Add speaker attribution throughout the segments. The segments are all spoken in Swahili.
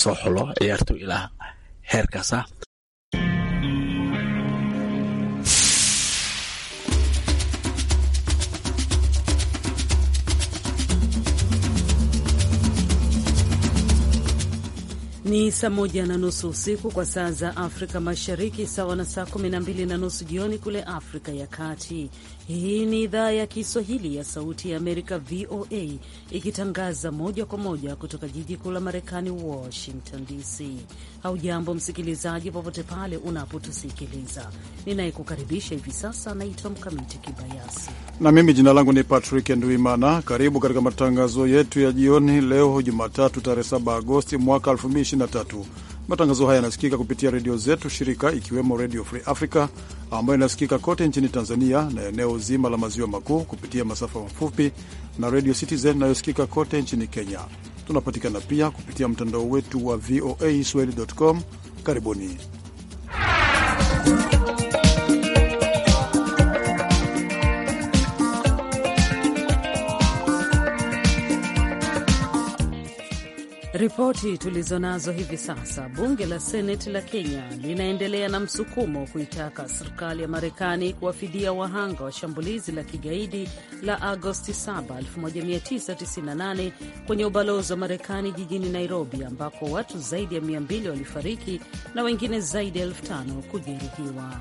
Speaker 1: soo xulo ciyaartoy ilaa heerkaasa ah.
Speaker 2: Ni saa moja na nusu usiku kwa saa za Afrika Mashariki, sawa na saa kumi na mbili na nusu jioni kule Afrika ya Kati. Hii ni idhaa ya Kiswahili ya Sauti ya Amerika, VOA, ikitangaza moja kwa moja kutoka jiji kuu la Marekani, Washington DC au jambo msikilizaji, popote pale unapotusikiliza. Ninayekukaribisha hivi sasa naitwa Mkamiti Kibayasi
Speaker 3: na mimi jina langu ni Patrick Nduimana. Karibu katika matangazo yetu ya jioni leo Jumatatu tarehe 7 Agosti mwaka 2023. Matangazo haya yanasikika kupitia redio zetu shirika ikiwemo Redio Free Africa ambayo inasikika kote nchini Tanzania na eneo zima la maziwa makuu kupitia masafa mafupi na Redio Citizen inayosikika kote nchini Kenya. Tunapatikana pia kupitia mtandao wetu wa voa swahili.com. Karibuni.
Speaker 2: Ripoti tulizo nazo hivi sasa, bunge la seneti la Kenya linaendelea na msukumo kuitaka serikali ya Marekani kuwafidia wahanga wa shambulizi la kigaidi la Agosti 7, 1998 kwenye ubalozi wa Marekani jijini Nairobi, ambako watu zaidi ya 200 walifariki na wengine zaidi ya elfu kujeruhiwa.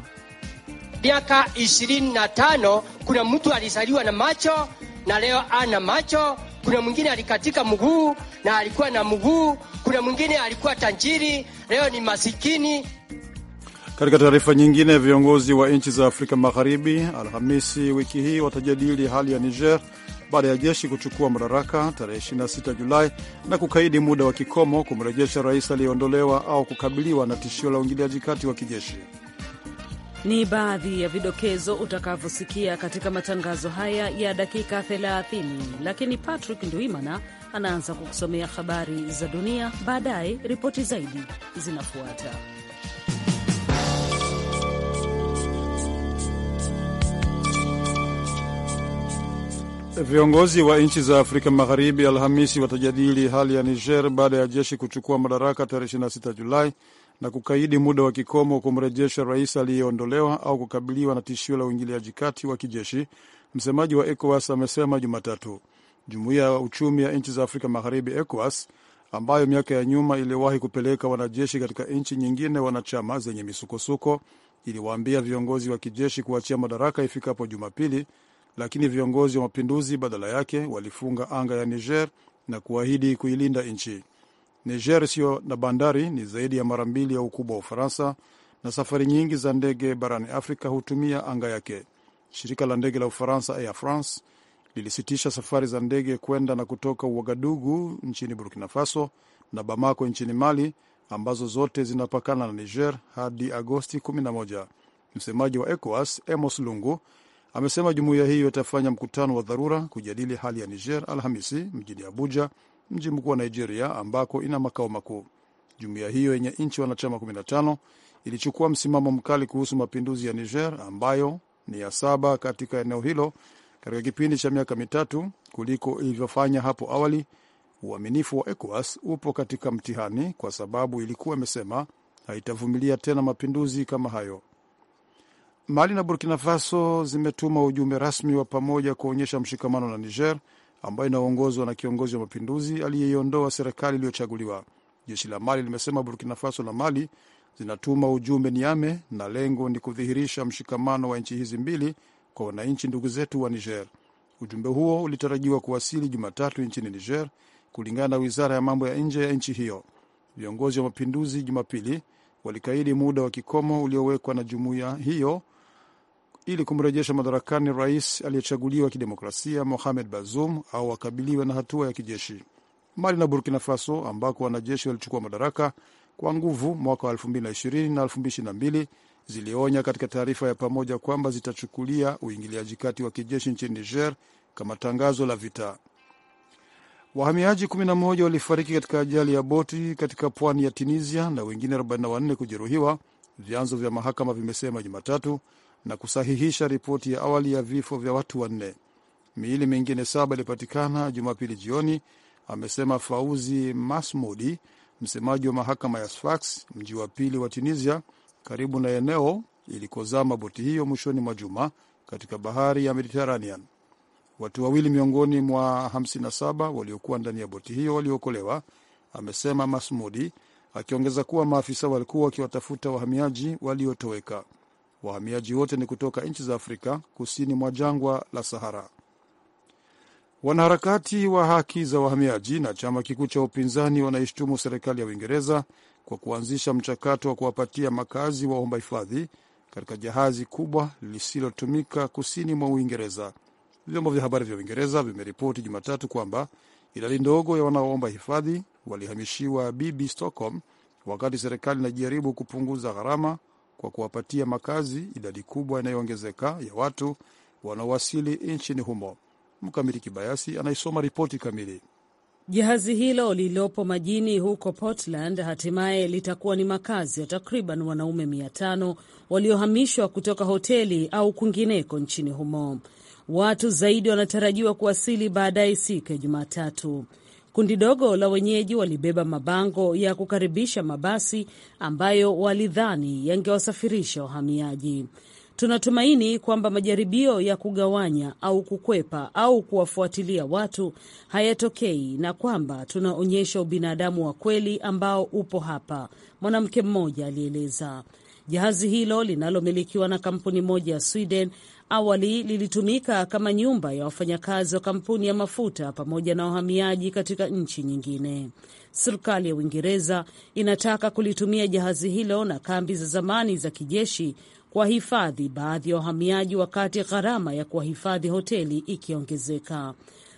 Speaker 4: Miaka 25 kuna mtu
Speaker 2: alizaliwa na macho
Speaker 4: na leo ana macho kuna mwingine alikatika mguu na alikuwa na mguu, kuna mwingine alikuwa tanjiri leo ni masikini.
Speaker 3: Katika taarifa nyingine, viongozi wa nchi za Afrika Magharibi Alhamisi wiki hii watajadili hali ya Niger baada ya jeshi kuchukua madaraka tarehe 26 Julai na kukaidi muda wa kikomo kumrejesha rais aliyeondolewa au kukabiliwa na tishio la uingiliaji kati wa kijeshi.
Speaker 2: Ni baadhi ya vidokezo utakavyosikia katika matangazo haya ya dakika 30, lakini Patrick Ndwimana anaanza kukusomea habari za dunia, baadaye ripoti zaidi zinafuata.
Speaker 3: Viongozi wa nchi za Afrika Magharibi Alhamisi watajadili hali ya Niger baada ya jeshi kuchukua madaraka tarehe 26 Julai na kukaidi muda wa kikomo kumrejesha rais aliyeondolewa au kukabiliwa na tishio la uingiliaji kati wa kijeshi, msemaji wa ECOWAS amesema Jumatatu. Jumuiya ya uchumi ya nchi za Afrika Magharibi, ECOWAS, ambayo miaka ya nyuma iliwahi kupeleka wanajeshi katika nchi nyingine wanachama zenye misukosuko, iliwaambia viongozi wa kijeshi kuachia madaraka ifikapo Jumapili, lakini viongozi wa mapinduzi badala yake walifunga anga ya Niger na kuahidi kuilinda nchi isiyo na bandari ni zaidi ya mara mbili ya ukubwa wa Ufaransa, na safari nyingi za ndege barani Afrika hutumia anga yake. Shirika la ndege la Ufaransa Air France lilisitisha safari za ndege kwenda na kutoka Uagadugu nchini Burkina Faso na Bamako nchini Mali, ambazo zote zinapakana na Niger hadi Agosti 11. Msemaji wa ECOWAS Amos Lungu amesema jumuiya hiyo itafanya mkutano wa dharura kujadili hali ya Niger Alhamisi mjini Abuja, mji mkuu wa Nigeria, ambako ina makao makuu. Jumuiya hiyo yenye nchi wanachama 15 ilichukua msimamo mkali kuhusu mapinduzi ya Niger ambayo ni ya saba katika eneo hilo katika kipindi cha miaka mitatu kuliko ilivyofanya hapo awali. Uaminifu wa ECOWAS upo katika mtihani kwa sababu ilikuwa imesema haitavumilia tena mapinduzi kama hayo. Mali na Burkina Faso zimetuma ujumbe rasmi wa pamoja kuonyesha mshikamano na Niger ambayo inaongozwa na kiongozi wa mapinduzi aliyeiondoa serikali iliyochaguliwa. Jeshi la Mali limesema Burkina Faso na Mali zinatuma ujumbe Niame na lengo ni kudhihirisha mshikamano wa nchi hizi mbili kwa wananchi ndugu zetu wa Niger. Ujumbe huo ulitarajiwa kuwasili Jumatatu nchini Niger, kulingana na wizara ya mambo ya nje ya nchi hiyo. Viongozi wa mapinduzi Jumapili walikaidi muda wa kikomo uliowekwa na jumuiya hiyo ili kumrejesha madarakani rais aliyechaguliwa kidemokrasia Mohamed Bazoum au akabiliwe na hatua ya kijeshi. Mali na Burkina Faso ambako wanajeshi walichukua madaraka kwa nguvu mwaka wa 2020 na 2022 zilionya katika taarifa ya pamoja kwamba zitachukulia uingiliaji kati wa kijeshi nchini Niger kama tangazo la vita. Wahamiaji 11 walifariki katika ajali ya boti katika pwani ya Tunisia na wengine 44 kujeruhiwa, vyanzo vya mahakama vimesema Jumatatu, na kusahihisha ripoti ya awali ya vifo vya watu wanne. Miili mingine saba ilipatikana Jumapili jioni, amesema Fauzi Masmudi, msemaji wa mahakama ya Sfax, mji wa pili wa Tunisia, karibu na eneo ilikozama boti hiyo mwishoni mwa juma katika bahari ya Mediteranean. Watu wawili miongoni mwa 57 waliokuwa ndani ya boti hiyo waliokolewa, amesema Masmudi, akiongeza kuwa maafisa walikuwa wakiwatafuta wahamiaji waliotoweka. Wahamiaji wote ni kutoka nchi za Afrika kusini mwa jangwa la Sahara. Wanaharakati wa haki za wahamiaji na chama kikuu cha upinzani wanaishtumu serikali ya Uingereza kwa kuanzisha mchakato wa kuwapatia makazi waomba hifadhi katika jahazi kubwa lisilotumika kusini mwa Uingereza. Vyombo vya habari vya Uingereza vimeripoti Jumatatu kwamba idadi ndogo ya wanaoomba hifadhi walihamishiwa BB Stockholm wakati serikali inajaribu kupunguza gharama kwa kuwapatia makazi idadi kubwa inayoongezeka ya watu wanaowasili nchini humo. Mkamili Kibayasi anaisoma ripoti kamili.
Speaker 2: Jahazi hilo lililopo majini huko Portland hatimaye litakuwa ni makazi ya takriban wanaume mia tano waliohamishwa kutoka hoteli au kwingineko nchini humo. Watu zaidi wanatarajiwa kuwasili baadaye siku ya Jumatatu. Kundi dogo la wenyeji walibeba mabango ya kukaribisha mabasi ambayo walidhani yangewasafirisha wahamiaji. Tunatumaini kwamba majaribio ya kugawanya au kukwepa au kuwafuatilia watu hayatokei na kwamba tunaonyesha ubinadamu wa kweli ambao upo hapa, mwanamke mmoja alieleza. Jahazi hilo linalomilikiwa na kampuni moja ya Sweden awali lilitumika kama nyumba ya wafanyakazi wa kampuni ya mafuta pamoja na wahamiaji katika nchi nyingine. Serikali ya Uingereza inataka kulitumia jahazi hilo na kambi za zamani za kijeshi kuwahifadhi baadhi ya wahamiaji, wakati gharama ya kuwahifadhi hoteli ikiongezeka.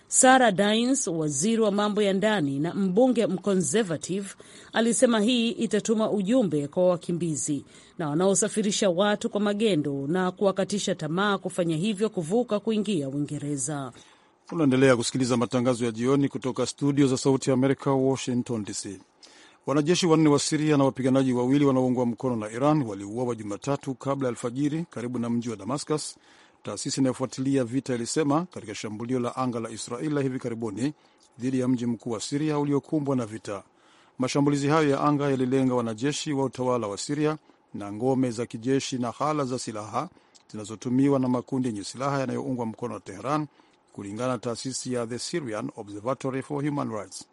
Speaker 2: Sara Dines, waziri wa mambo ya ndani na mbunge mconservative, alisema hii itatuma ujumbe kwa wakimbizi na wanaosafirisha watu kwa magendo na kuwakatisha tamaa kufanya hivyo kuvuka kuingia Uingereza.
Speaker 3: Unaendelea kusikiliza matangazo ya jioni kutoka studio za Sauti ya Amerika, Washington DC. Wanajeshi wanne wa Siria na wapiganaji wawili wanaoungwa mkono na Iran waliuawa Jumatatu kabla ya alfajiri karibu na mji wa Damascus, taasisi inayofuatilia vita ilisema katika shambulio la anga la Israel la hivi karibuni dhidi ya mji mkuu wa Siria uliokumbwa na vita. Mashambulizi hayo ya anga yalilenga wanajeshi wa utawala wa Siria na ngome za kijeshi na ghala za silaha zinazotumiwa na makundi yenye silaha yanayoungwa mkono na Teheran, kulingana na taasisi ya The Syrian Observatory for Human Rights.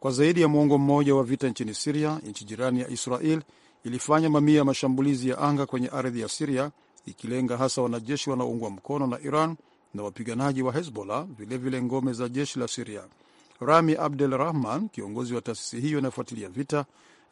Speaker 3: Kwa zaidi ya mwongo mmoja wa vita nchini Siria, nchi jirani ya Israel ilifanya mamia ya mashambulizi ya anga kwenye ardhi ya Siria, ikilenga hasa wanajeshi wanaoungwa mkono na Iran na wapiganaji wa Hezbollah, vilevile ngome za jeshi la Siria. Rami Abdel Rahman, kiongozi wa taasisi hiyo inayofuatilia vita,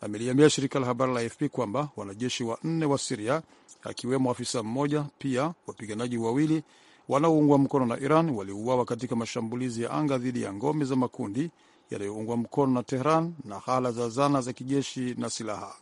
Speaker 3: ameliambia shirika la habari la AFP kwamba wanajeshi wanne wa Siria akiwemo afisa mmoja pia wapiganaji wawili wanaoungwa mkono na Iran waliuawa katika mashambulizi ya anga dhidi ya ngome za makundi yanayoungwa mkono na Tehran na hala za zana za kijeshi na silaha.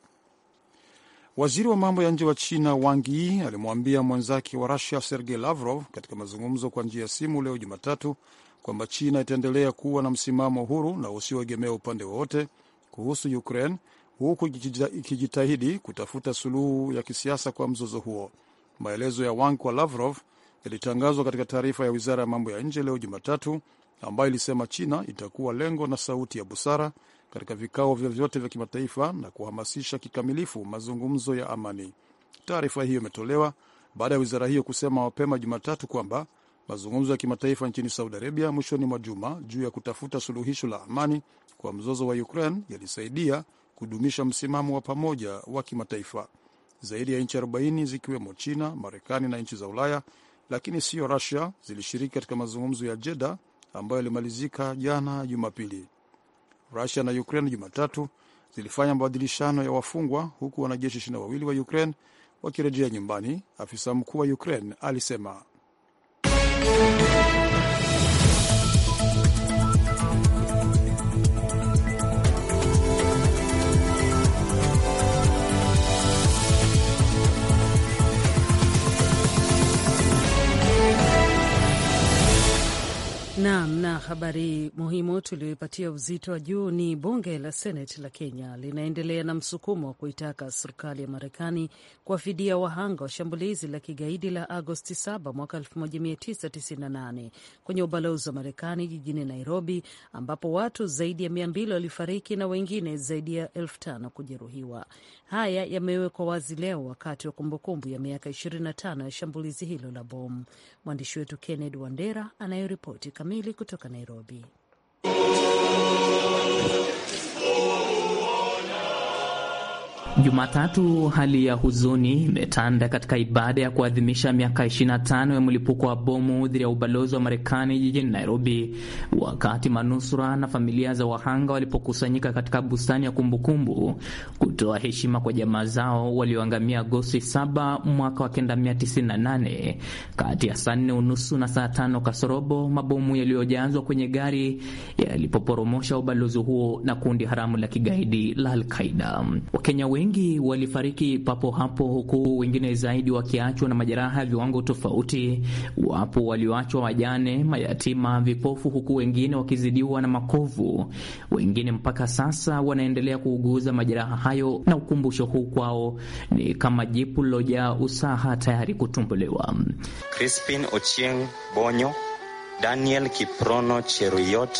Speaker 3: Waziri wa mambo ya nje wa China Wang Yi alimwambia mwenzake wa Rusia Sergei Lavrov katika mazungumzo kwa njia ya simu leo Jumatatu kwamba China itaendelea kuwa na msimamo huru na usioegemea upande wowote kuhusu Ukraine huku ikijitahidi kutafuta suluhu ya kisiasa kwa mzozo huo. Maelezo ya Wang kwa Lavrov yalitangazwa katika taarifa ya wizara ya mambo ya nje leo Jumatatu, ambayo ilisema China itakuwa lengo na sauti ya busara katika vikao vyovyote vya kimataifa na kuhamasisha kikamilifu mazungumzo ya amani. Taarifa hiyo imetolewa baada ya wizara hiyo kusema mapema Jumatatu kwamba mazungumzo ya kimataifa nchini Saudi Arabia mwishoni mwa juma juu ya kutafuta suluhisho la amani kwa mzozo wa Ukraine yalisaidia kudumisha msimamo wa pamoja wa kimataifa. Zaidi ya nchi 40 zikiwemo China, Marekani na nchi za Ulaya, lakini siyo Rusia, zilishiriki katika mazungumzo ya Jeda ambayo yalimalizika jana Jumapili. Rusia na Ukraine Jumatatu zilifanya mabadilishano ya wafungwa huku wanajeshi ishirini na wawili wa Ukraine wakirejea nyumbani, afisa mkuu wa Ukraine alisema.
Speaker 2: Naam, na habari muhimu tuliyoipatia uzito wa juu ni bunge la seneti la Kenya linaendelea na msukumo wa kuitaka serikali ya Marekani kuwafidia wahanga wa shambulizi la kigaidi la Agosti 7 mwaka 1998 kwenye ubalozi wa Marekani jijini Nairobi, ambapo watu zaidi ya 200 walifariki na wengine zaidi ya 5 kujeruhiwa. Haya yamewekwa wazi leo wakati wa kumbukumbu ya miaka 25 ya shambulizi hilo la bomu. Mwandishi wetu kenned Wandera anayeripoti kamili kutoka Nairobi.
Speaker 4: Jumatatu hali ya huzuni imetanda katika ibada ya kuadhimisha miaka 25 ya mlipuko wa bomu dhidi ya ubalozi wa Marekani jijini Nairobi, wakati manusura na familia za wahanga walipokusanyika katika bustani ya kumbukumbu kutoa heshima kwa jamaa zao walioangamia Agosti 7 mwaka wa 1998. Kati ya saa nne unusu na saa tano kasorobo mabomu yaliyojazwa kwenye gari yalipoporomosha ubalozi huo na kundi haramu la kigaidi la Alqaida. Wakenya wengi Wengi walifariki papo hapo, huku wengine zaidi wakiachwa na majeraha ya viwango tofauti. Wapo walioachwa wajane, mayatima, vipofu, huku wengine wakizidiwa na makovu. Wengine mpaka sasa wanaendelea kuuguza majeraha hayo, na ukumbusho huu kwao ni kama jipu lilojaa usaha tayari kutumbuliwa. Crispin Ochieng Bonyo, Daniel Kiprono Cheruyot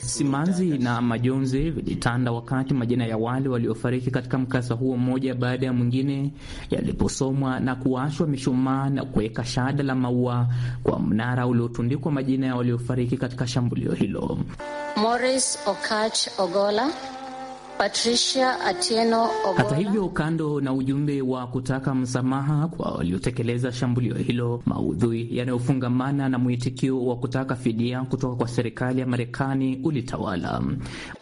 Speaker 4: Simanzi na majonzi vilitanda wakati majina ya wale waliofariki katika mkasa huo mmoja baada ya mwingine yaliposomwa na kuwashwa mishumaa na kuweka shada la maua kwa mnara uliotundikwa majina ya waliofariki katika shambulio hilo.
Speaker 2: Morris Okach Ogola Patricia Atieno
Speaker 4: Hata hivyo, kando na ujumbe wa kutaka msamaha kwa waliotekeleza shambulio hilo, maudhui yanayofungamana na mwitikio wa kutaka fidia kutoka kwa serikali ya Marekani ulitawala.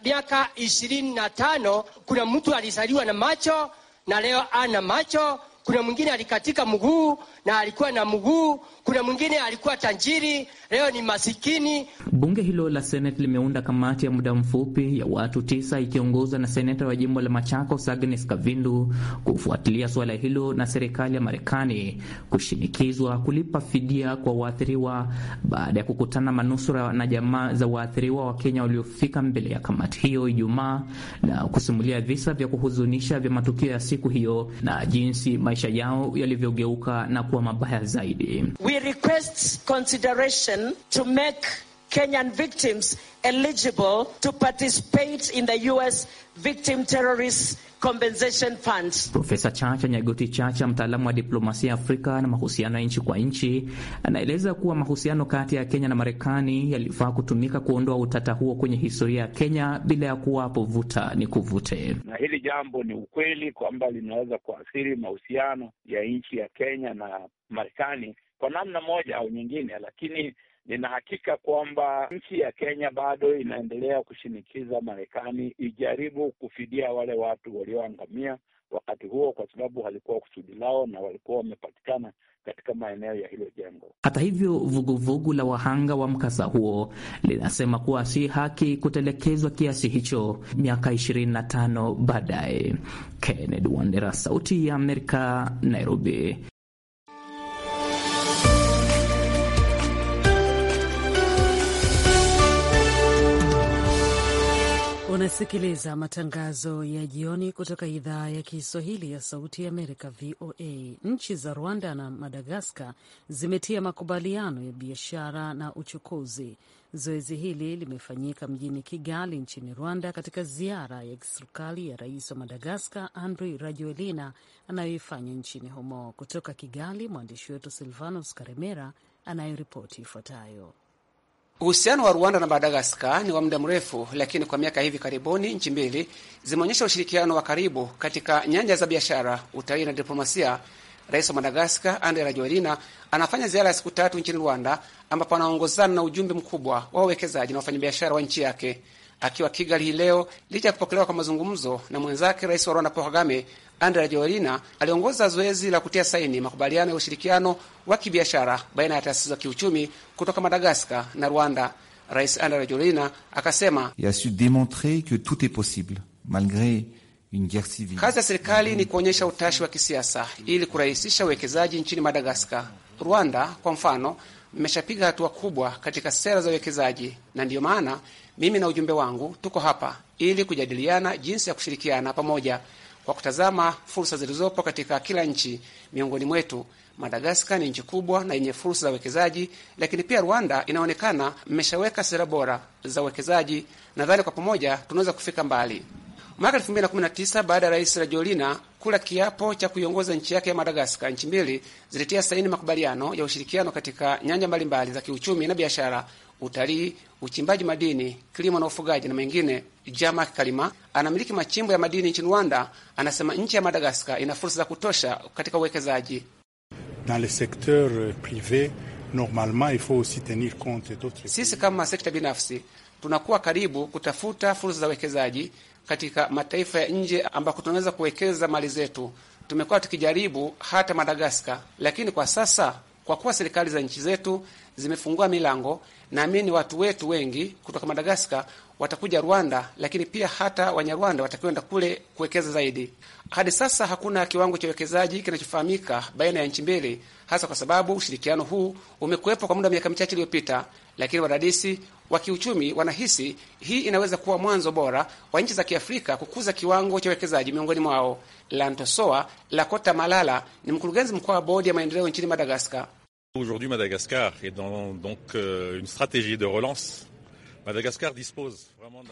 Speaker 5: Miaka ishirini
Speaker 4: na tano kuna mtu alizaliwa na macho na leo ana macho. Kuna mwingine alikatika mguu na alikuwa na mguu kuna mwingine alikuwa tajiri, leo ni
Speaker 6: masikini.
Speaker 4: Bunge hilo la Seneti limeunda kamati ya muda mfupi ya watu tisa ikiongozwa na seneta wa jimbo la Machakos Agnes Kavindu kufuatilia suala hilo na serikali ya Marekani kushinikizwa kulipa fidia kwa waathiriwa baada ya kukutana manusura na jamaa za waathiriwa wa Kenya waliofika mbele ya kamati hiyo Ijumaa na kusimulia visa vya kuhuzunisha vya matukio ya siku hiyo na jinsi maisha yao yalivyogeuka na kuwa mabaya zaidi.
Speaker 2: We We request consideration to make Kenyan victims eligible to participate in the US Victim Terrorist Compensation Fund.
Speaker 4: Profesa Chacha Nyagoti Chacha, mtaalamu wa diplomasia Afrika na mahusiano ya nchi kwa nchi, anaeleza kuwa mahusiano kati ya Kenya na Marekani yalifaa kutumika kuondoa utata huo kwenye historia ya Kenya bila ya kuwapo vuta
Speaker 7: ni kuvute.
Speaker 8: Na hili jambo ni ukweli kwamba linaweza kuathiri mahusiano ya nchi ya Kenya na Marekani kwa namna moja au nyingine, lakini nina hakika kwamba nchi ya Kenya bado inaendelea kushinikiza Marekani ijaribu kufidia wale watu walioangamia wakati huo, kwa sababu walikuwa kusudi lao na walikuwa wamepatikana katika maeneo ya hilo jengo.
Speaker 4: Hata hivyo, vuguvugu vugu la wahanga wa mkasa huo linasema kuwa si haki kutelekezwa kiasi hicho miaka 25 baadaye. Kennedy Wandera, Sauti ya Amerika, Nairobi.
Speaker 2: Unasikiliza matangazo ya jioni kutoka idhaa ya Kiswahili ya Sauti ya Amerika, VOA. Nchi za Rwanda na Madagaskar zimetia makubaliano ya biashara na uchukuzi. Zoezi hili limefanyika mjini Kigali nchini Rwanda, katika ziara ya kiserikali ya rais wa Madagaskar Andry Rajoelina anayoifanya nchini humo. Kutoka Kigali, mwandishi wetu Silvanus Karemera anayeripoti ifuatayo.
Speaker 5: Uhusiano wa Rwanda na Madagaskar ni wa muda mrefu, lakini kwa miaka hivi karibuni nchi mbili zimeonyesha ushirikiano wa karibu katika nyanja za biashara, utalii na diplomasia. Rais wa Madagaskar Andre Rajoelina anafanya ziara ya siku tatu nchini Rwanda, ambapo anaongozana na ujumbe mkubwa wa wawekezaji na wafanyabiashara wa nchi yake. Akiwa Kigali hii leo, licha ya kupokelewa kwa mazungumzo na mwenzake rais wa Rwanda Paul Kagame, Andrea Jolina aliongoza zoezi la kutia saini makubaliano ya ushirikiano wa kibiashara baina ya taasisi za kiuchumi kutoka Madagaskar na Rwanda. Rais Andrea Jolina akasema
Speaker 6: ya su démontrer que tout est possible malgré Kazi
Speaker 5: ya serikali ni kuonyesha utashi wa kisiasa ili kurahisisha uwekezaji nchini Madagaskar. Rwanda kwa mfano, mmeshapiga hatua kubwa katika sera za uwekezaji, na ndiyo maana mimi na ujumbe wangu tuko hapa ili kujadiliana jinsi ya kushirikiana pamoja kwa kutazama fursa zilizopo katika kila nchi miongoni mwetu. Madagaskar ni nchi kubwa na yenye fursa za uwekezaji, lakini pia Rwanda inaonekana mmeshaweka sera bora za uwekezaji. Nadhani kwa pamoja tunaweza kufika mbali. Mwaka tisa baada ya Rais Rajolina kula kiapo cha kuiongoza nchi yake ya Madagaskar, nchi mbili zilitia saini makubaliano ya ushirikiano katika nyanja mbalimbali za kiuchumi na biashara, utalii, uchimbaji madini, kilimo na ufugaji na mengine. Jamak Kalima anamiliki machimbo ya madini nchini Rwanda. Anasema nchi ya Madagaskar ina fursa za kutosha katika uwekezaji
Speaker 3: dans le secteur euh, Normalement, il faut aussi tenir compte d'autres.
Speaker 5: Sisi kama sekta binafsi tunakuwa karibu kutafuta fursa za uwekezaji katika mataifa ya nje ambako tunaweza kuwekeza mali zetu. Tumekuwa tukijaribu hata Madagaskar, lakini kwa sasa, kwa kuwa serikali za nchi zetu zimefungua milango Naamini watu wetu wengi kutoka Madagaskar watakuja Rwanda, lakini pia hata Wanyarwanda watakwenda kule kuwekeza zaidi. Hadi sasa hakuna kiwango cha uwekezaji kinachofahamika baina ya nchi mbili, hasa kwa sababu ushirikiano huu umekuwepo kwa muda wa miaka michache iliyopita, lakini wadadisi wa kiuchumi wanahisi hii inaweza kuwa mwanzo bora wa nchi za Kiafrika kukuza kiwango cha uwekezaji miongoni mwao. Lantosoa Lakota Malala ni mkurugenzi mkuu wa bodi ya maendeleo nchini Madagaskar.
Speaker 3: Aujourd'hui, Madagascar est dans donc euh, une stratégie de relance. Madagascar dispose vraiment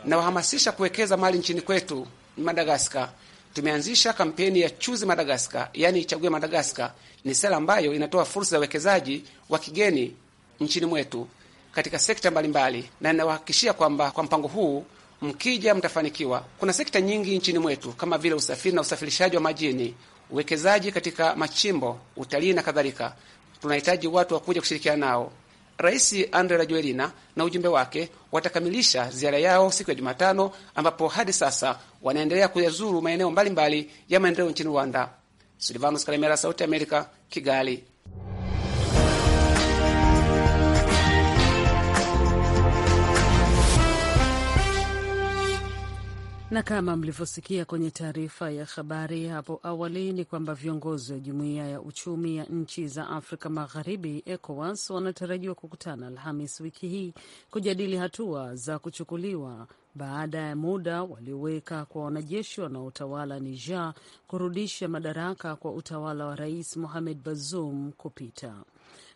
Speaker 5: kuwekeza mali nchini kwetu Madagascar. Tumeanzisha kampeni ya Choose Madagascar, yani ichague Madagascar. Ni sera ambayo inatoa fursa ya uwekezaji wa kigeni nchini mwetu katika sekta mbalimbali, na inawahakikishia kwamba kwa mpango huu mkija mtafanikiwa. Kuna sekta nyingi nchini mwetu kama vile usafiri na usafirishaji wa majini, uwekezaji katika machimbo, utalii na kadhalika tunahitaji watu wakuja kushirikiana nao. Rais Andre Rajoelina na ujumbe wake watakamilisha ziara yao siku ya Jumatano, ambapo hadi sasa wanaendelea kuyazuru maeneo mbalimbali ya maendeleo nchini Rwanda. Silvanos Kalemera, Sauti ya Amerika, Kigali.
Speaker 2: Na kama mlivyosikia kwenye taarifa ya habari hapo awali ni kwamba viongozi wa jumuiya ya uchumi ya nchi za Afrika Magharibi, ECOWAS, wanatarajiwa kukutana Alhamis wiki hii kujadili hatua za kuchukuliwa baada ya muda walioweka kwa wanajeshi wanaotawala Niger kurudisha madaraka kwa utawala wa Rais Mohamed Bazoum kupita.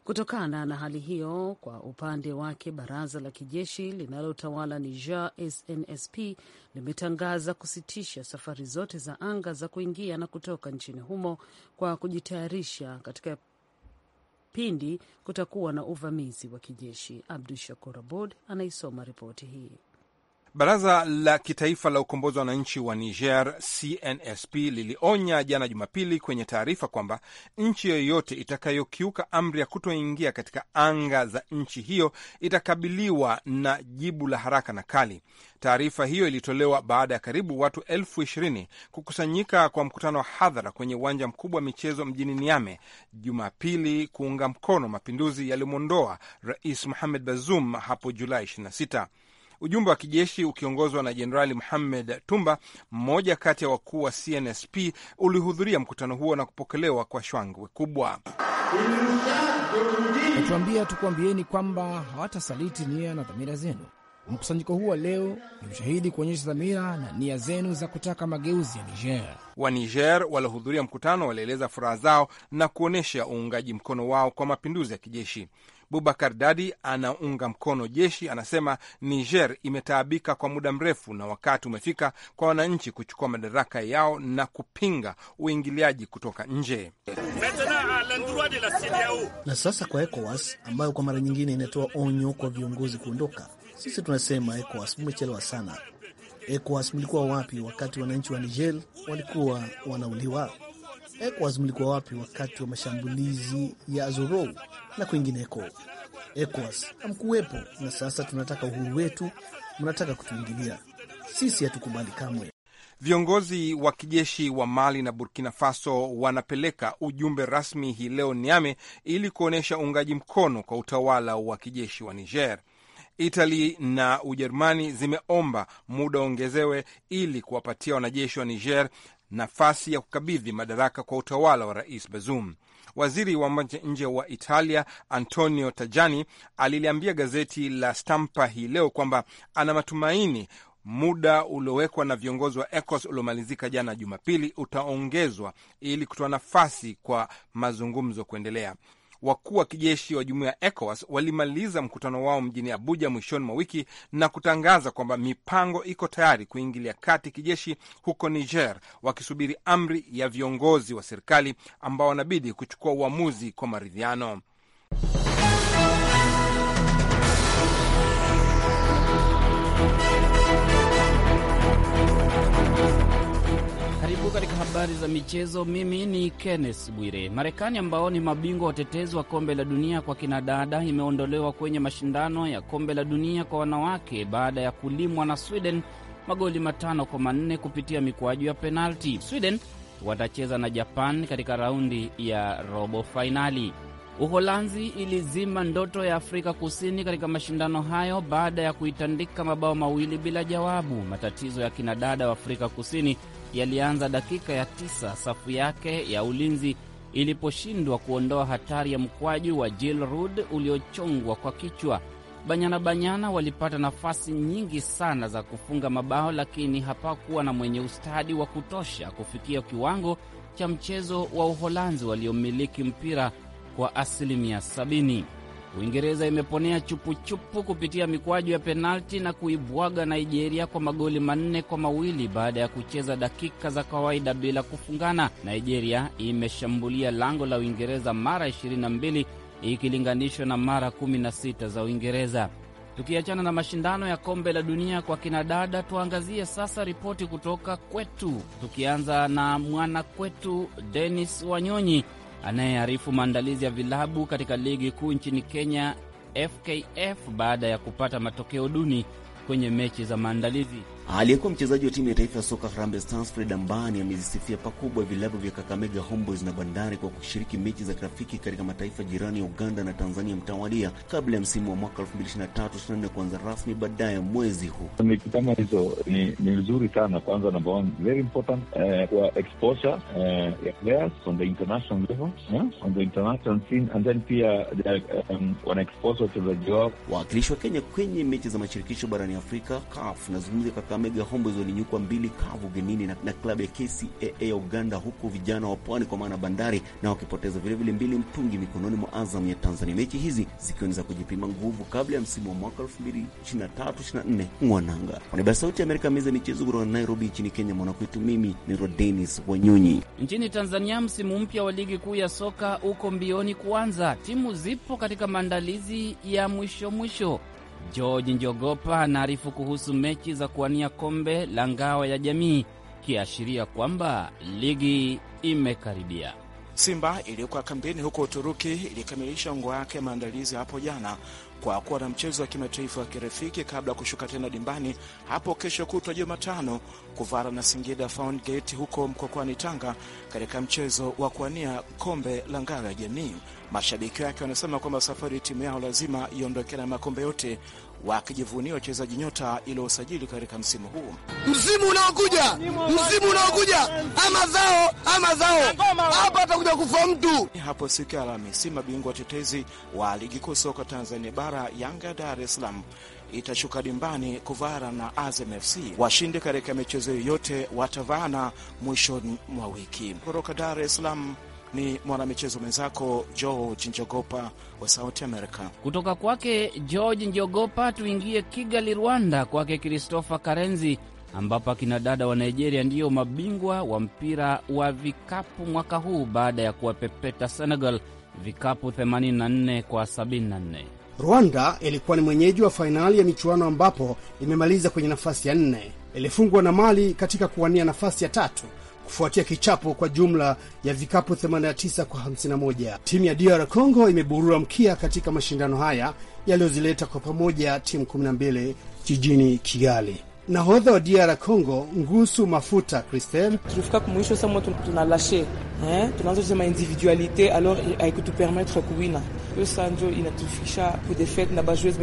Speaker 2: Kutokana na hali hiyo, kwa upande wake baraza la kijeshi linalotawala Niger SNSP limetangaza kusitisha safari zote za anga za kuingia na kutoka nchini humo kwa kujitayarisha katika pindi kutakuwa na uvamizi wa kijeshi. Abdu Shakur Abud anaisoma ripoti hii.
Speaker 6: Baraza la Kitaifa la Ukombozi wa Wananchi wa Niger, CNSP, lilionya jana Jumapili kwenye taarifa kwamba nchi yoyote itakayokiuka amri ya kutoingia katika anga za nchi hiyo itakabiliwa na jibu la haraka na kali. Taarifa hiyo ilitolewa baada ya karibu watu elfu ishirini kukusanyika kwa mkutano wa hadhara kwenye uwanja mkubwa wa michezo mjini Niame Jumapili kuunga mkono mapinduzi yaliyomwondoa Rais Mohamed Bazoum hapo Julai 26. Ujumbe wa kijeshi ukiongozwa na Jenerali Muhammed Tumba, mmoja kati ya wakuu wa CNSP, ulihudhuria mkutano huo na kupokelewa kwa shangwe kubwa.
Speaker 5: Natuambia tukuambieni kwamba hawatasaliti
Speaker 8: nia na dhamira zenu. Mkusanyiko huu wa leo ni ushahidi kuonyesha dhamira na nia zenu za
Speaker 6: kutaka mageuzi ya Niger. Wa Niger waliohudhuria mkutano walieleza furaha zao na kuonyesha uungaji mkono wao kwa mapinduzi ya kijeshi. Bubakar Dadi anaunga mkono jeshi, anasema Niger imetaabika kwa muda mrefu na wakati umefika kwa wananchi kuchukua madaraka yao na kupinga uingiliaji kutoka nje.
Speaker 1: Na sasa kwa ECOWAS ambayo kwa mara nyingine inatoa onyo kwa viongozi kuondoka, sisi tunasema ECOWAS mumechelewa sana. ECOWAS mlikuwa wapi wakati wananchi wa Niger walikuwa wanauliwa? ECOWAS mlikuwa wapi wakati wa mashambulizi ya Azorou na kwingineko. ECOWAS hamkuwepo, na sasa tunataka uhuru wetu, mnataka kutuingilia sisi, hatukubali kamwe.
Speaker 6: Viongozi wa kijeshi wa Mali na Burkina Faso wanapeleka ujumbe rasmi hii leo Niame ili kuonyesha uungaji mkono kwa utawala wa kijeshi wa Niger. Itali na Ujerumani zimeomba muda uongezewe ili kuwapatia wanajeshi wa Niger nafasi ya kukabidhi madaraka kwa utawala wa Rais Bazoum. Waziri wa mambo ya nje wa Italia Antonio Tajani aliliambia gazeti la Stampa hii leo kwamba ana matumaini muda uliowekwa na viongozi wa ECOWAS uliomalizika jana Jumapili utaongezwa ili kutoa nafasi kwa mazungumzo kuendelea wakuu wa kijeshi wa jumuiya ya ECOWAS walimaliza mkutano wao mjini Abuja mwishoni mwa wiki na kutangaza kwamba mipango iko tayari kuingilia kati kijeshi huko Niger, wakisubiri amri ya viongozi wa serikali ambao wanabidi kuchukua uamuzi kwa maridhiano.
Speaker 7: katika habari za michezo. Mimi ni Kenneth Bwire. Marekani ambao ni mabingwa watetezi wa kombe la dunia kwa kinadada imeondolewa kwenye mashindano ya kombe la dunia kwa wanawake baada ya kulimwa na Sweden magoli matano kwa manne kupitia mikwaju ya penalti. Sweden watacheza na Japan katika raundi ya robo fainali. Uholanzi ilizima ndoto ya Afrika Kusini katika mashindano hayo baada ya kuitandika mabao mawili bila jawabu. Matatizo ya kinadada wa Afrika Kusini yalianza dakika ya tisa, safu yake ya ulinzi iliposhindwa kuondoa hatari ya mkwaju wa Jill rud uliochongwa kwa kichwa. Banyana Banyana walipata nafasi nyingi sana za kufunga mabao, lakini hapakuwa na mwenye ustadi wa kutosha kufikia kiwango cha mchezo wa Uholanzi waliomiliki mpira kwa asilimia 70. Uingereza imeponea chupuchupu kupitia mikwaju ya penalti na kuibwaga Nigeria kwa magoli manne kwa mawili baada ya kucheza dakika za kawaida bila kufungana. Nigeria imeshambulia lango la Uingereza mara 22 ikilinganishwa na mara 16 za Uingereza. Tukiachana na mashindano ya kombe la dunia kwa kinadada, tuangazie sasa ripoti kutoka kwetu, tukianza na mwana kwetu Denis Wanyonyi anayearifu maandalizi ya vilabu katika ligi kuu nchini Kenya FKF baada ya kupata matokeo duni kwenye mechi za maandalizi.
Speaker 8: Aliyekuwa mchezaji wa timu ya taifa ya soka Harambee Stars Fred Ambani amezisifia pakubwa vilabu vya Kakamega Homeboys na Bandari kwa kushiriki mechi za kirafiki katika mataifa jirani ya Uganda na Tanzania mtawalia kabla ya msimu wa mwaka 2023/24 kuanza rasmi baadaye mwezi huu. Mechi kama hizo ni ni nzuri sana, kwanza number one very important eh, kwa exposure eh, ya players on the international level yeah, on the international scene and then pia the, eh, um, wana expose wachezaji wao. Wawakilishi wa Kenya kwenye mechi za mashirikisho barani Afrika CAF nazungumzia Kakamega Homeboyz walinyukwa mbili kavu genini na, na klabu ya KCAA ya Uganda, huku vijana wa pwani kwa maana Bandari na wakipoteza vilevile mbili mtungi mikononi mwa Azam ya Tanzania. Mechi hizi zikiwa ni za kujipima nguvu kabla ya msimu wa mwaka 2023 24 mwananga. Kwa niaba ya Sauti ya Amerika, meza michezo kutoka Nairobi nchini Kenya, mwanakwetu mimi ni Rodenis Wanyunyi.
Speaker 7: Nchini Tanzania, msimu mpya wa ligi kuu ya soka uko mbioni kuanza. Timu zipo katika maandalizi ya mwisho mwisho George Njogopa anaarifu kuhusu mechi za kuwania kombe la ngao ya jamii, kiashiria kwamba ligi imekaribia.
Speaker 8: Simba iliyokuwa kambini huko Uturuki ilikamilisha ungo wake maandalizi hapo jana kwa kuwa na mchezo wa kimataifa wa kirafiki kabla ya kushuka tena dimbani hapo kesho kutwa Jumatano kuvara na Singida Fountain huko mkokwani Tanga katika mchezo wa kuania kombe la ngao ya jamii. Mashabiki wake wanasema kwamba safari timu yao lazima iondokana na makombe yote wakijivunia wachezaji nyota iliyosajili katika msimu huu. Msimu unaokuja msimu unaokuja ama zao ama zao hapa atakuja kufa mtu. Hapo siku ya Alhamisi, mabingwa watetezi wa ligi kuu soka Tanzania bara Yanga ya Dar es Salaam itashuka dimbani kuvara na Azam FC. katika michezo yoyote watavana mwishoni mwa wiki. Kutoka Dar es Salaam ni mwanamichezo mwenzako George Njogopa wa Sauti america Kutoka kwake George Njogopa
Speaker 7: tuingie Kigali, Rwanda, kwake Christopher Karenzi, ambapo akina dada wa Nigeria ndiyo mabingwa wa mpira wa vikapu mwaka huu baada ya kuwapepeta Senegal vikapu 84 kwa 74.
Speaker 8: Rwanda ilikuwa ni mwenyeji wa fainali ya michuano ambapo imemaliza kwenye nafasi ya nne. Ilifungwa na Mali katika kuwania nafasi ya tatu kufuatia kichapo kwa jumla ya vikapu 89 kwa 51. Timu ya DR Congo imeburura mkia katika mashindano haya yaliyozileta kwa pamoja timu 12 jijini Kigali. Nahodha wa DR Congo Ngusu Mafuta Christel: tulifika kumwisho sama tunalashe eh, tunaanza kusema individualite alors haikutupermetre kuwina. Hiyo inatufikisha kudefet na bajuezi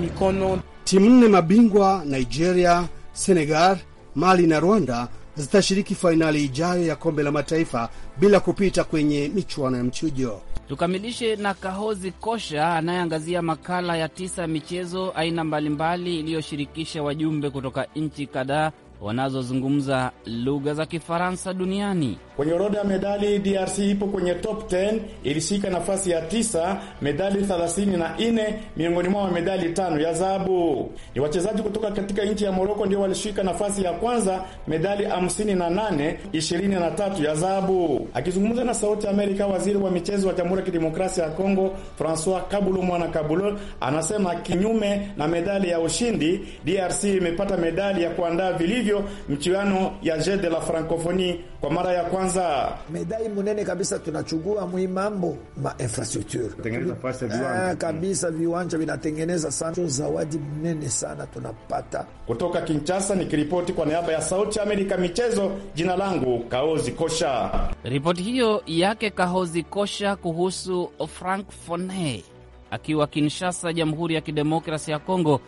Speaker 8: mikono. Timu nne mabingwa Nigeria, Senegal, Mali na Rwanda zitashiriki fainali ijayo ya kombe la mataifa bila kupita kwenye
Speaker 5: michuano ya mchujo.
Speaker 7: Tukamilishe na Kahozi Kosha anayeangazia makala ya tisa ya michezo aina mbalimbali iliyoshirikisha wajumbe kutoka nchi kadhaa wanazozungumza lugha za Kifaransa duniani.
Speaker 8: Kwenye orodha ya medali, DRC ipo kwenye top 10, ilishika nafasi ya tisa, medali 34 miongoni mwa medali tano ya dhahabu. Ni wachezaji kutoka katika nchi ya Moroko ndio walishika nafasi ya kwanza, medali 58, 23 ya dhahabu. Akizungumza na Sauti ya Amerika, waziri wa michezo wa Jamhuri ya Kidemokrasia ya Kongo Francois Kabulo Mwana Kabulo anasema kinyume na medali ya ushindi, DRC imepata medali ya kuandaa vilivyo mchuano ya Jeux de la Francophonie kwa mara ya kwanza medai munene kabisa, tunachugua mambo ma infrastructure viwanja. Ah, kabisa viwanja vinatengeneza
Speaker 1: sana, zawadi munene sana tunapata
Speaker 8: kutoka Kinshasa. Nikiripoti kwa niaba ya Sauti ya Amerika michezo, jina langu Kaozi Kosha.
Speaker 1: Ripoti hiyo yake
Speaker 7: Kaozi Kosha kuhusu Frank Fone akiwa Kinshasa, Jamhuri ya Kidemokrasi ya Kongo,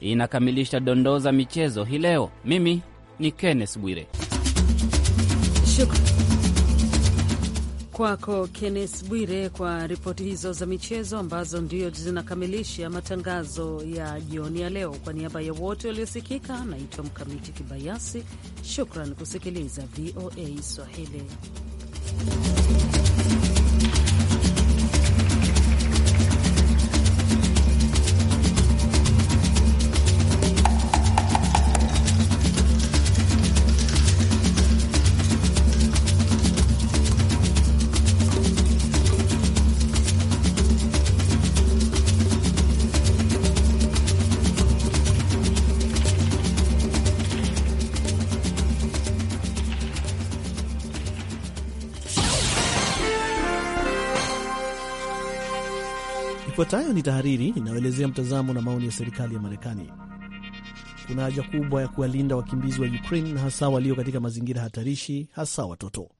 Speaker 7: inakamilisha dondoo za michezo hii leo. Mimi ni Kenneth Bwire.
Speaker 2: Shukran kwako Kennes Bwire kwa ripoti hizo za michezo ambazo ndio zinakamilisha matangazo ya jioni ya leo. Kwa niaba ya wote waliosikika, naitwa Mkamiti Kibayasi. Shukran kusikiliza VOA Swahili.
Speaker 1: Ifuatayo ni tahariri inayoelezea mtazamo na maoni ya serikali ya Marekani. Kuna haja kubwa ya kuwalinda wakimbizi wa Ukraine na hasa walio katika mazingira hatarishi, hasa watoto.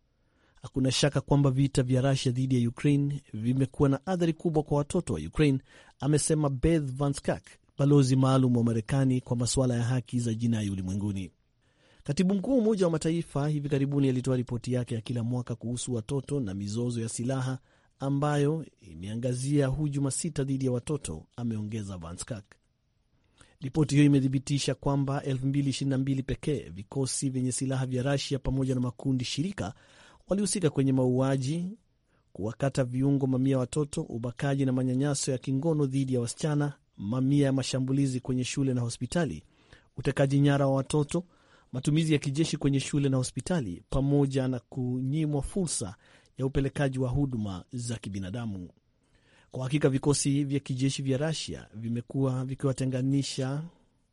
Speaker 1: Hakuna shaka kwamba vita vya Rusia dhidi ya Ukraine vimekuwa na athari kubwa kwa watoto wa Ukraine, amesema Beth Vanskak, balozi maalum wa Marekani kwa masuala ya haki za jinai ulimwenguni. Katibu mkuu wa Umoja wa Mataifa hivi karibuni alitoa ripoti yake ya kila mwaka kuhusu watoto na mizozo ya silaha ambayo imeangazia hujuma sita dhidi ya watoto, ameongeza Vanskak. Ripoti hiyo imethibitisha kwamba 2022 pekee vikosi vyenye silaha vya Rasia pamoja na makundi shirika walihusika kwenye mauaji, kuwakata viungo mamia watoto, ubakaji na manyanyaso ya kingono dhidi ya wasichana, mamia ya mashambulizi kwenye shule na hospitali, utekaji nyara wa watoto, matumizi ya kijeshi kwenye shule na hospitali, pamoja na kunyimwa fursa ya upelekaji wa huduma za kibinadamu. Kwa hakika vikosi vya kijeshi vya Rusia vimekuwa vikiwatenganisha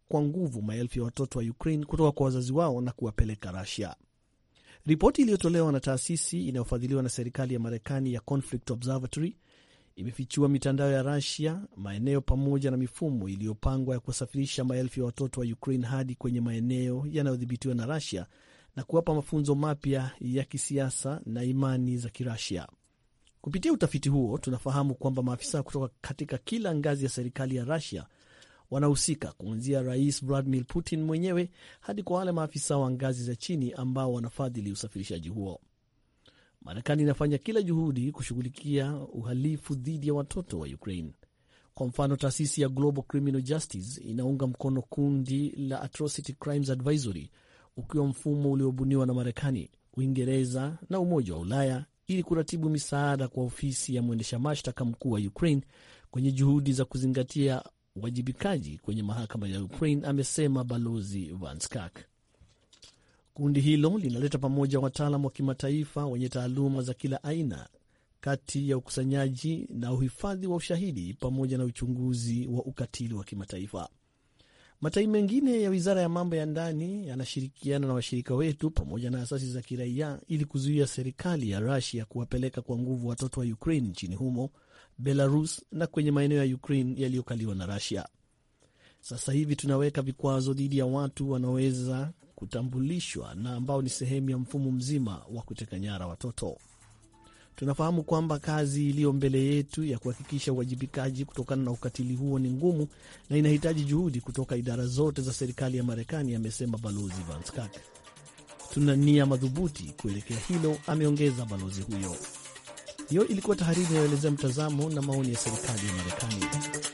Speaker 1: kwa nguvu maelfu ya watoto wa Ukraine kutoka kwa wazazi wao na kuwapeleka Rusia. Ripoti iliyotolewa na taasisi inayofadhiliwa na serikali ya Marekani ya Conflict Observatory imefichua mitandao ya Rusia, maeneo pamoja na mifumo iliyopangwa ya kuwasafirisha maelfu ya watoto wa Ukraine hadi kwenye maeneo yanayodhibitiwa na Rusia na kuwapa mafunzo mapya ya kisiasa na imani za Kirasia. Kupitia utafiti huo, tunafahamu kwamba maafisa kutoka katika kila ngazi ya serikali ya rasia wanahusika, kuanzia Rais Vladimir Putin mwenyewe hadi kwa wale maafisa wa ngazi za chini ambao wanafadhili usafirishaji huo. Marekani inafanya kila juhudi kushughulikia uhalifu dhidi ya watoto wa Ukraine. Kwa mfano, taasisi ya Global Criminal Justice inaunga mkono kundi la Atrocity Crimes Advisory ukiwa mfumo uliobuniwa na Marekani, Uingereza na Umoja wa Ulaya ili kuratibu misaada kwa ofisi ya mwendesha mashtaka mkuu wa Ukraine kwenye juhudi za kuzingatia uwajibikaji kwenye mahakama ya Ukraine, amesema Balozi Vanskak. Kundi hilo linaleta pamoja wataalam wa kimataifa wenye taaluma za kila aina kati ya ukusanyaji na uhifadhi wa ushahidi pamoja na uchunguzi wa ukatili wa kimataifa. Matai mengine ya wizara ya mambo ya ndani yanashirikiana na washirika wetu pamoja na asasi za kiraia ili kuzuia serikali ya Rusia kuwapeleka kwa nguvu watoto wa Ukraine nchini humo, Belarus na kwenye maeneo ya Ukraine yaliyokaliwa na Rusia. Sasa hivi tunaweka vikwazo dhidi ya watu wanaoweza kutambulishwa na ambao ni sehemu ya mfumo mzima wa kuteka nyara watoto. Tunafahamu kwamba kazi iliyo mbele yetu ya kuhakikisha uwajibikaji kutokana na ukatili huo ni ngumu na inahitaji juhudi kutoka idara zote za serikali ya Marekani, amesema Balozi Van Skak. Tuna nia madhubuti kuelekea hilo, ameongeza balozi huyo. Hiyo ilikuwa tahariri inayoelezea mtazamo na maoni ya serikali ya Marekani.